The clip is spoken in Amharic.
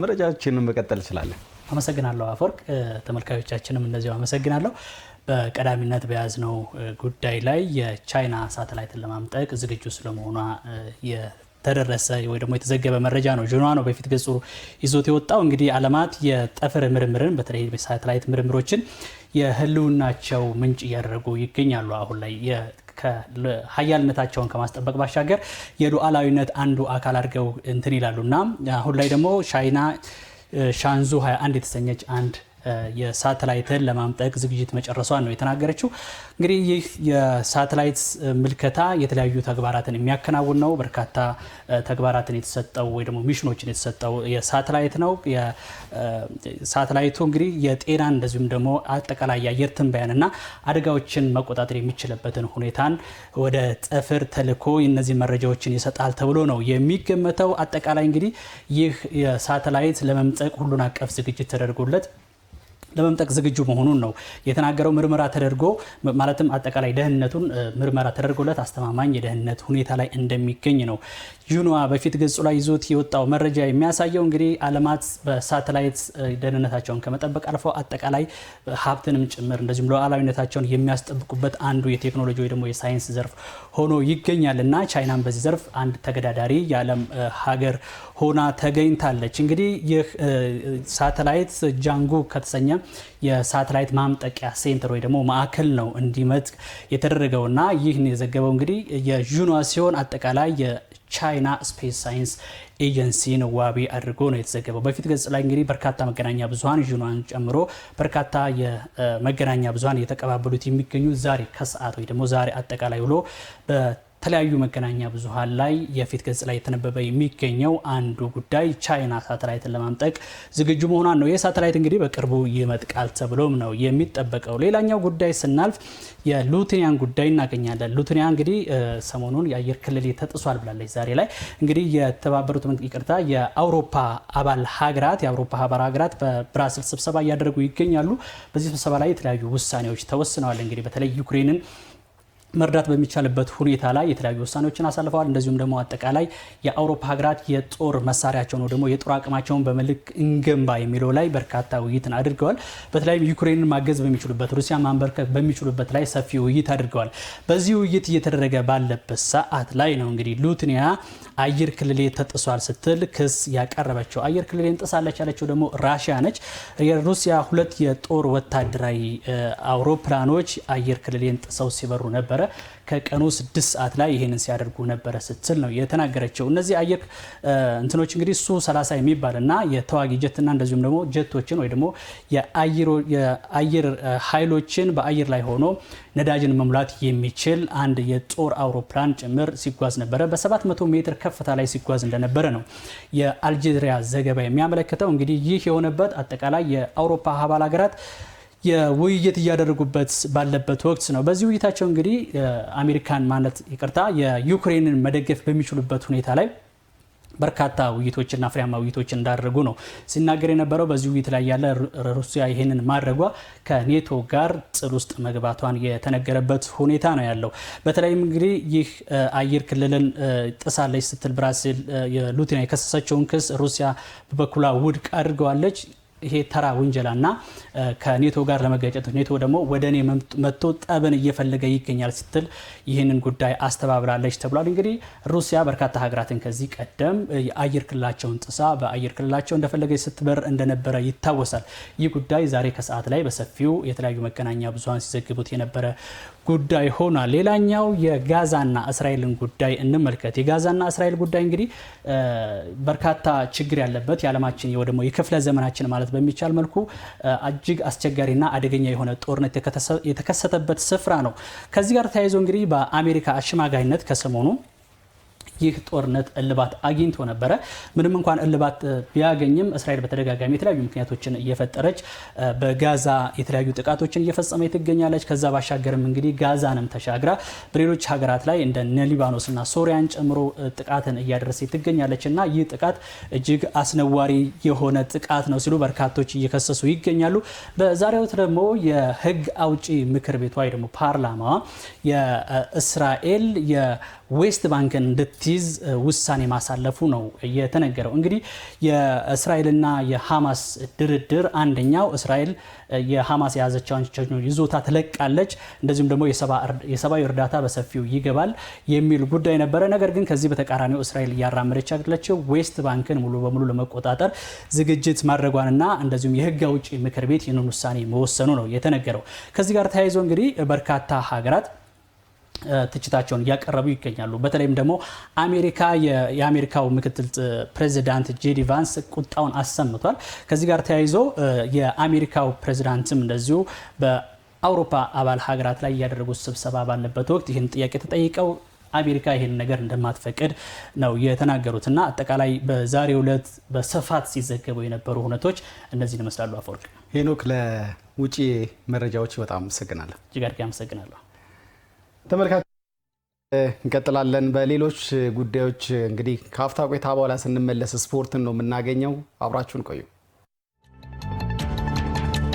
መረጃችንን መቀጠል እንችላለን። አመሰግናለሁ አፈወርቅ። ተመልካዮቻችንም እንደዚሁ አመሰግናለሁ። በቀዳሚነት በያዝነው ጉዳይ ላይ የቻይና ሳተላይትን ለማምጠቅ ዝግጁ ስለመሆኗ ተደረሰ ወይ ደግሞ የተዘገበ መረጃ ነው። ዥኗ ነው በፊት ገጹ ይዞት የወጣው እንግዲህ አለማት የጠፈር ምርምርን በተለይ ሳተላይት ምርምሮችን የህልውናቸው ምንጭ እያደረጉ ይገኛሉ። አሁን ላይ ሀያልነታቸውን ከማስጠበቅ ባሻገር የሉዓላዊነት አንዱ አካል አድርገው እንትን ይላሉ እና አሁን ላይ ደግሞ ቻይና ሻንዙ 21 የተሰኘች አንድ የሳተላይትን ለማምጠቅ ዝግጅት መጨረሷን ነው የተናገረችው። እንግዲህ ይህ የሳተላይት ምልከታ የተለያዩ ተግባራትን የሚያከናውን ነው። በርካታ ተግባራትን የተሰጠው ወይ ደግሞ ሚሽኖችን የተሰጠው የሳተላይት ነው። ሳተላይቱ እንግዲህ የጤናን እንደዚሁም ደግሞ አጠቃላይ የአየር እና አደጋዎችን መቆጣጠር የሚችልበትን ሁኔታን ወደ ጠፍር ተልኮ እነዚህ መረጃዎችን ይሰጣል ተብሎ ነው የሚገመተው። አጠቃላይ እንግዲህ ይህ የሳተላይት ለመምጠቅ ሁሉን አቀፍ ዝግጅት ተደርጎለት ለመምጠቅ ዝግጁ መሆኑን ነው የተናገረው። ምርመራ ተደርጎ ማለትም አጠቃላይ ደህንነቱን ምርመራ ተደርጎለት አስተማማኝ የደህንነት ሁኔታ ላይ እንደሚገኝ ነው ዩኖዋ በፊት ገጹ ላይ ይዞት የወጣው መረጃ የሚያሳየው። እንግዲህ አለማት በሳተላይት ደህንነታቸውን ከመጠበቅ አልፎ አጠቃላይ ሀብትንም ጭምር እንደዚሁም ሉዓላዊነታቸውን የሚያስጠብቁበት አንዱ የቴክኖሎጂ ወይ ደግሞ የሳይንስ ዘርፍ ሆኖ ይገኛል እና ቻይናን በዚህ ዘርፍ አንድ ተገዳዳሪ የዓለም ሀገር ሆና ተገኝታለች። እንግዲህ ይህ ሳተላይት ጃንጉ ከተሰኘ የሳተላይት ማምጠቂያ ሴንተር ወይ ደግሞ ማዕከል ነው እንዲመጥቅ የተደረገውና ይህን የዘገበው እንግዲህ የዥኗ ሲሆን አጠቃላይ የቻይና ስፔስ ሳይንስ ኤጀንሲን ዋቢ አድርጎ ነው የተዘገበው። በፊት ገጽ ላይ እንግዲህ በርካታ መገናኛ ብዙሀን ዥኗን ጨምሮ በርካታ የመገናኛ ብዙሀን እየተቀባበሉት የሚገኙ ዛሬ ከሰዓት ወይ ደግሞ ዛሬ አጠቃላይ ብሎ ። ተለያዩ መገናኛ ብዙሃን ላይ የፊት ገጽ ላይ የተነበበ የሚገኘው አንዱ ጉዳይ ቻይና ሳተላይትን ለማምጠቅ ዝግጁ መሆኗን ነው። ይህ ሳተላይት እንግዲህ በቅርቡ ይመጥቃል ተብሎም ነው የሚጠበቀው። ሌላኛው ጉዳይ ስናልፍ የሉትኒያን ጉዳይ እናገኛለን። ሉትኒያ እንግዲህ ሰሞኑን የአየር ክልል ተጥሷል ብላለች። ዛሬ ላይ እንግዲህ የተባበሩት ይቅርታ፣ የአውሮፓ አባል ሀገራት የአውሮፓ አባል ሀገራት በብራስል ስብሰባ እያደረጉ ይገኛሉ። በዚህ ስብሰባ ላይ የተለያዩ ውሳኔዎች ተወስነዋል። እንግዲህ በተለይ ዩክሬንን መርዳት በሚቻልበት ሁኔታ ላይ የተለያዩ ውሳኔዎችን አሳልፈዋል። እንደዚሁም ደግሞ አጠቃላይ የአውሮፓ ሀገራት የጦር መሳሪያቸውን ደግሞ የጦር አቅማቸውን በመልክ እንገንባ የሚለው ላይ በርካታ ውይይትን አድርገዋል። በተለይም ዩክሬንን ማገዝ በሚችሉበት፣ ሩሲያ ማንበርከክ በሚችሉበት ላይ ሰፊ ውይይት አድርገዋል። በዚህ ውይይት እየተደረገ ባለበት ሰዓት ላይ ነው እንግዲህ ሉትኒያ አየር ክልሌ ተጥሷል ስትል ክስ ያቀረበችው አየር ክልሌ ጥሳለች ያለችው ደግሞ ራሽያ ነች። የሩሲያ ሁለት የጦር ወታደራዊ አውሮፕላኖች አየር ክልሌን ጥሰው ሲበሩ ነበር ነበረ። ከቀኑ ስድስት ሰዓት ላይ ይህንን ሲያደርጉ ነበረ ስትል ነው የተናገረችው። እነዚህ አየር እንትኖች እንግዲህ ሱ 30 የሚባል እና የተዋጊ ጀትና እንደዚሁም ደግሞ ጀቶችን ወይ ደግሞ የአየር ኃይሎችን በአየር ላይ ሆኖ ነዳጅን መሙላት የሚችል አንድ የጦር አውሮፕላን ጭምር ሲጓዝ ነበረ። በ700 ሜትር ከፍታ ላይ ሲጓዝ እንደነበረ ነው የአልጄሪያ ዘገባ የሚያመለክተው። እንግዲህ ይህ የሆነበት አጠቃላይ የአውሮፓ አባል ሀገራት ውይይት እያደረጉበት ባለበት ወቅት ነው። በዚህ ውይይታቸው እንግዲህ አሜሪካን ማለት ይቅርታ የዩክሬንን መደገፍ በሚችሉበት ሁኔታ ላይ በርካታ ውይይቶችና ፍሬያማ ውይይቶች እንዳደረጉ ነው ሲናገር የነበረው። በዚህ ውይይት ላይ ያለ ሩሲያ ይህንን ማድረጓ ከኔቶ ጋር ጥል ውስጥ መግባቷን የተነገረበት ሁኔታ ነው ያለው። በተለይም እንግዲህ ይህ አየር ክልልን ጥሳለች ስትል ብራሲል ሉቲና የከሰሰችውን ክስ ሩሲያ በበኩሏ ውድቅ አድርገዋለች። ይሄ ተራ ውንጀላና ከኔቶ ጋር ለመጋጨት ኔቶ ደግሞ ወደ እኔ መጥቶ ጠብን እየፈለገ ይገኛል ስትል ይህንን ጉዳይ አስተባብራለች ተብሏል። እንግዲህ ሩሲያ በርካታ ሀገራትን ከዚህ ቀደም የአየር ክልላቸውን ጥሳ በአየር ክልላቸው እንደፈለገች ስትበር እንደነበረ ይታወሳል። ይህ ጉዳይ ዛሬ ከሰዓት ላይ በሰፊው የተለያዩ መገናኛ ብዙሀን ሲዘግቡት የነበረ ጉዳይ ሆኗል። ሌላኛው የጋዛና እስራኤልን ጉዳይ እንመልከት። የጋዛና እስራኤል ጉዳይ እንግዲህ በርካታ ችግር ያለበት የዓለማችን ደግሞ የክፍለ ዘመናችን ማለት በሚቻል መልኩ እጅግ አስቸጋሪና አደገኛ የሆነ ጦርነት የተከሰተበት ስፍራ ነው። ከዚህ ጋር ተያይዞ እንግዲህ በአሜሪካ አሸማጋይነት ከሰሞኑ ይህ ጦርነት እልባት አግኝቶ ነበረ። ምንም እንኳን እልባት ቢያገኝም እስራኤል በተደጋጋሚ የተለያዩ ምክንያቶችን እየፈጠረች በጋዛ የተለያዩ ጥቃቶችን እየፈጸመ ትገኛለች። ከዛ ባሻገርም እንግዲህ ጋዛንም ተሻግራ በሌሎች ሀገራት ላይ እንደ ሊባኖስና ሶሪያን ጨምሮ ጥቃትን እያደረሰ ትገኛለች እና ይህ ጥቃት እጅግ አስነዋሪ የሆነ ጥቃት ነው ሲሉ በርካቶች እየከሰሱ ይገኛሉ። በዛሬው ደግሞ የህግ አውጪ ምክር ቤቷ ወይ ደግሞ ፓርላማ የእስራኤል የዌስት ባንክን እንድት ሲይዝ ውሳኔ ማሳለፉ ነው የተነገረው። እንግዲህ የእስራኤልና የሐማስ ድርድር አንደኛው እስራኤል የሐማስ የያዘቻቸውን ይዞታ ትለቃለች፣ እንደዚሁም ደግሞ የሰብአዊ እርዳታ በሰፊው ይገባል የሚል ጉዳይ ነበረ። ነገር ግን ከዚህ በተቃራኒው እስራኤል እያራመደች ያለችው ዌስት ባንክን ሙሉ በሙሉ ለመቆጣጠር ዝግጅት ማድረጓንና እንደዚሁም የህግ አውጪ ምክር ቤት ይህንን ውሳኔ መወሰኑ ነው የተነገረው። ከዚህ ጋር ተያይዞ እንግዲህ በርካታ ሀገራት ትችታቸውን እያቀረቡ ይገኛሉ። በተለይም ደግሞ አሜሪካ የአሜሪካው ምክትል ፕሬዚዳንት ጄዲ ቫንስ ቁጣውን አሰምቷል። ከዚህ ጋር ተያይዞ የአሜሪካው ፕሬዚዳንትም እንደዚሁ በአውሮፓ አባል ሀገራት ላይ እያደረጉት ስብሰባ ባለበት ወቅት ይህን ጥያቄ ተጠይቀው አሜሪካ ይህን ነገር እንደማትፈቅድ ነው የተናገሩት። እና አጠቃላይ በዛሬው ዕለት በስፋት ሲዘገቡ የነበሩ ሁነቶች እነዚህን ይመስላሉ። አፈወርቅ ሄኖክ፣ ለውጭ መረጃዎች በጣም አመሰግናለሁ። እጅግ አድርጌ አመሰግናለሁ። ተመልካች እንቀጥላለን። በሌሎች ጉዳዮች እንግዲህ ከአፍታ ቆይታ በኋላ ስንመለስ ስፖርትን ነው የምናገኘው። አብራችሁን ቆዩ።